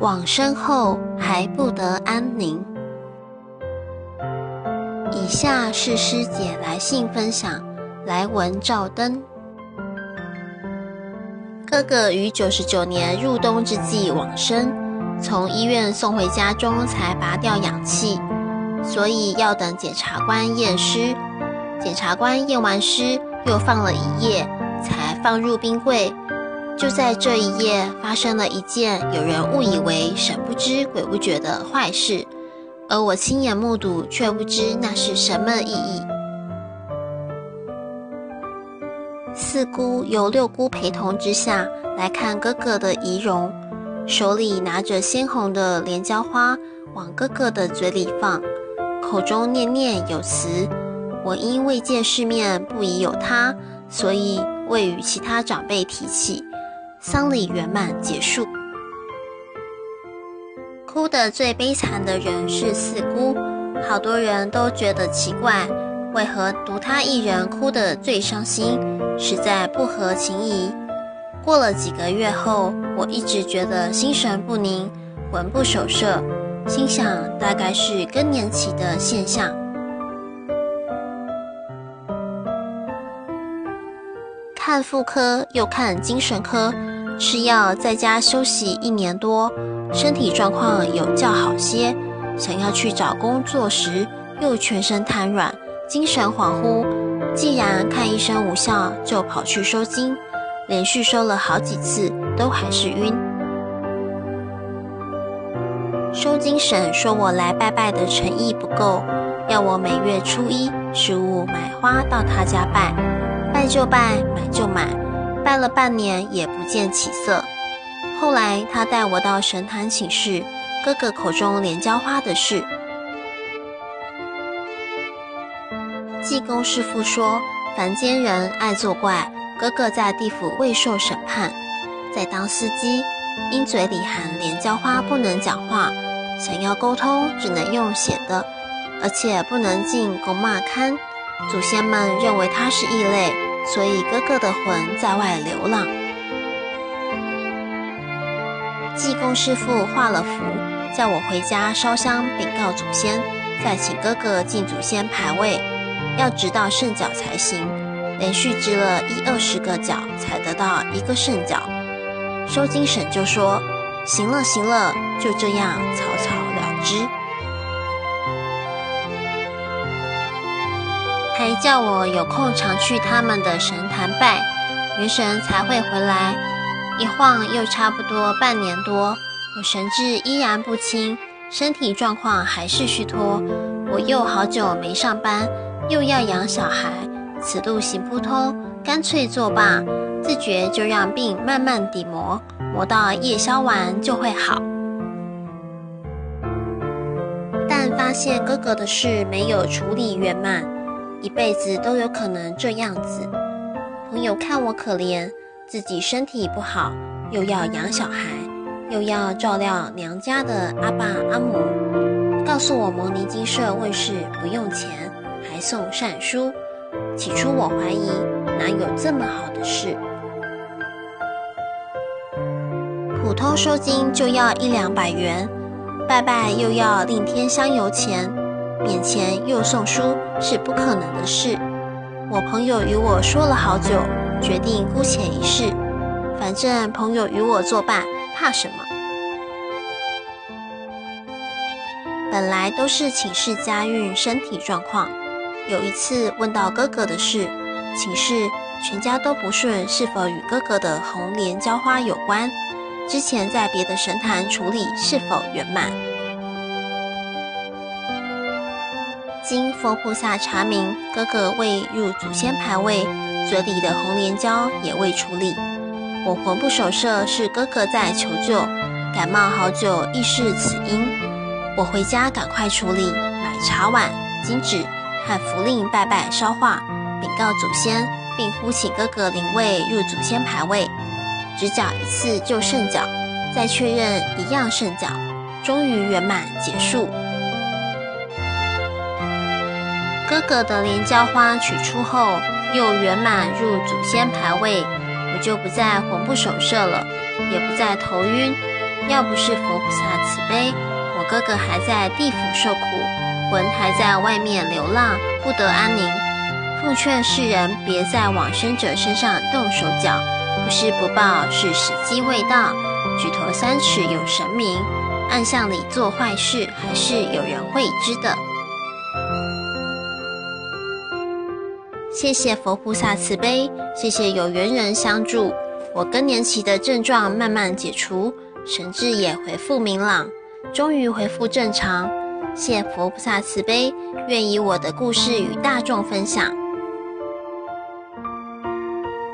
往生後還不得安寧。以下是師姐來信分享：來文照登，哥哥於九十九年入冬之際往生，從醫院送回家中才拔掉氧氣，所以要等檢察官驗屍。檢察官驗完屍，又放了一夜，才放入冰櫃。就在這一夜，發生了一件有人誤以為神不知鬼不覺的壞事，而我親眼目睹，卻不知那是什麼意義。四姑由六姑陪同之下來看哥哥的遺容，手裡拿着鮮紅的蓮蕉花往哥哥的嘴裡放，口中念念有詞。我因未見世面，不疑有他，所以未與其他長輩提起。喪禮圓滿結束，哭得最悲慘的人是四姑，好多人都覺得奇怪，為何獨她一人哭得最傷心，實在不合情宜。過了幾個月後，我一直覺得心神不寧，魂不守舍，心想大概是更年期的現象。看婦科，又看精神科。吃藥在家休息一年多，身體狀況有較好些。想要去找工作時，又全身癱軟，精神恍惚。既然看醫生無效，就跑去收驚，連續收了好幾次，都還是暈。收驚神說我來拜拜的誠意不夠，要我每月初一、十五買花到他家拜，拜就拜，買就買。拜了半年也不見起色，後來他帶我到神壇請示哥哥口中蓮蕉花的事。濟公師父說，凡間人愛作怪，哥哥在地府未受審判，在當司機，因嘴裡含蓮蕉花不能講話，想要溝通只能用寫的，而且不能進公媽龕，祖先們認為他是異類。所以哥哥的魂在外流浪。濟公師傅畫了符，叫我回家燒香稟告祖先，再請哥哥進祖先牌位，要直到聖筊才行。連續擲了一二十個筊，才得到一個聖筊。收驚繩就說：“行了，行了，就這樣草草了之。”還叫我有空常去他們的神壇拜，元神才會回來。一晃又差不多半年多，我神志依然不清，身體狀況還是虛脫。我又好久沒上班，又要養小孩，此路行不通，乾脆作罷。自覺就讓病慢慢抵磨，磨到夜宵完就會好。但發現哥哥的事沒有處理圓滿。一輩子都有可能這樣子。朋友看我可憐，自己身體不好，又要養小孩，又要照料娘家的阿爸阿母，告訴我牟尼精舍問事不用錢，還送善書。起初我懷疑，哪有這麼好的事？普通收金就要一兩百元，拜拜又要另添香油錢。免錢又送書，是不可能的事。我朋友與我說了好久，決定姑且一試，反正朋友與我作伴，怕什麼？本來都是請示家運、身體狀況。有一次問到哥哥的事，請示全家都不順，是否與哥哥的紅蓮椒花有關？之前在別的神壇處理是否圓滿？經佛菩薩查明，哥哥未入祖先牌位，嘴裡的紅蓮膠也未處理。我魂不守舍，是哥哥在求救，感冒好久亦是此因。我回家趕快處理，買茶碗、金紙、和符令，拜拜燒化，稟告祖先，並呼請哥哥靈位入祖先牌位。擲筊一次就聖筊，再確認一樣聖筊，終於圓滿結束。哥哥的蓮蕉花取出後，又圓滿入祖先牌位，我就不再魂不守舍了，也不再頭暈。要不是佛菩薩慈悲，我哥哥還在地府受苦，魂還在外面流浪，不得安寧。奉勸世人別在往生者身上動手腳，不是不報，是時機未到。舉頭三尺有神明，暗巷裡做壞事還是有人會知的。謝謝佛菩薩慈悲，謝謝有緣人相助，我更年期的症狀慢慢解除，神智也恢復明朗，終於恢復正常。謝謝佛菩薩慈悲，願以我的故事與大眾分享。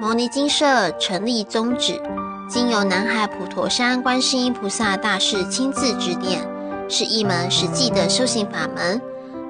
牟尼精舍成立宗旨，經由南海普陀山觀世音菩薩大士親自指點，是一門實際的修行法門。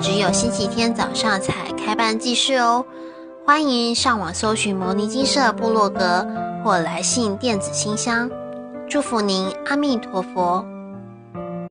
只有星期天早上才開辦濟世哦，歡迎上網搜尋牟尼精舍部落格或來信電子信箱，祝福您阿彌陀佛。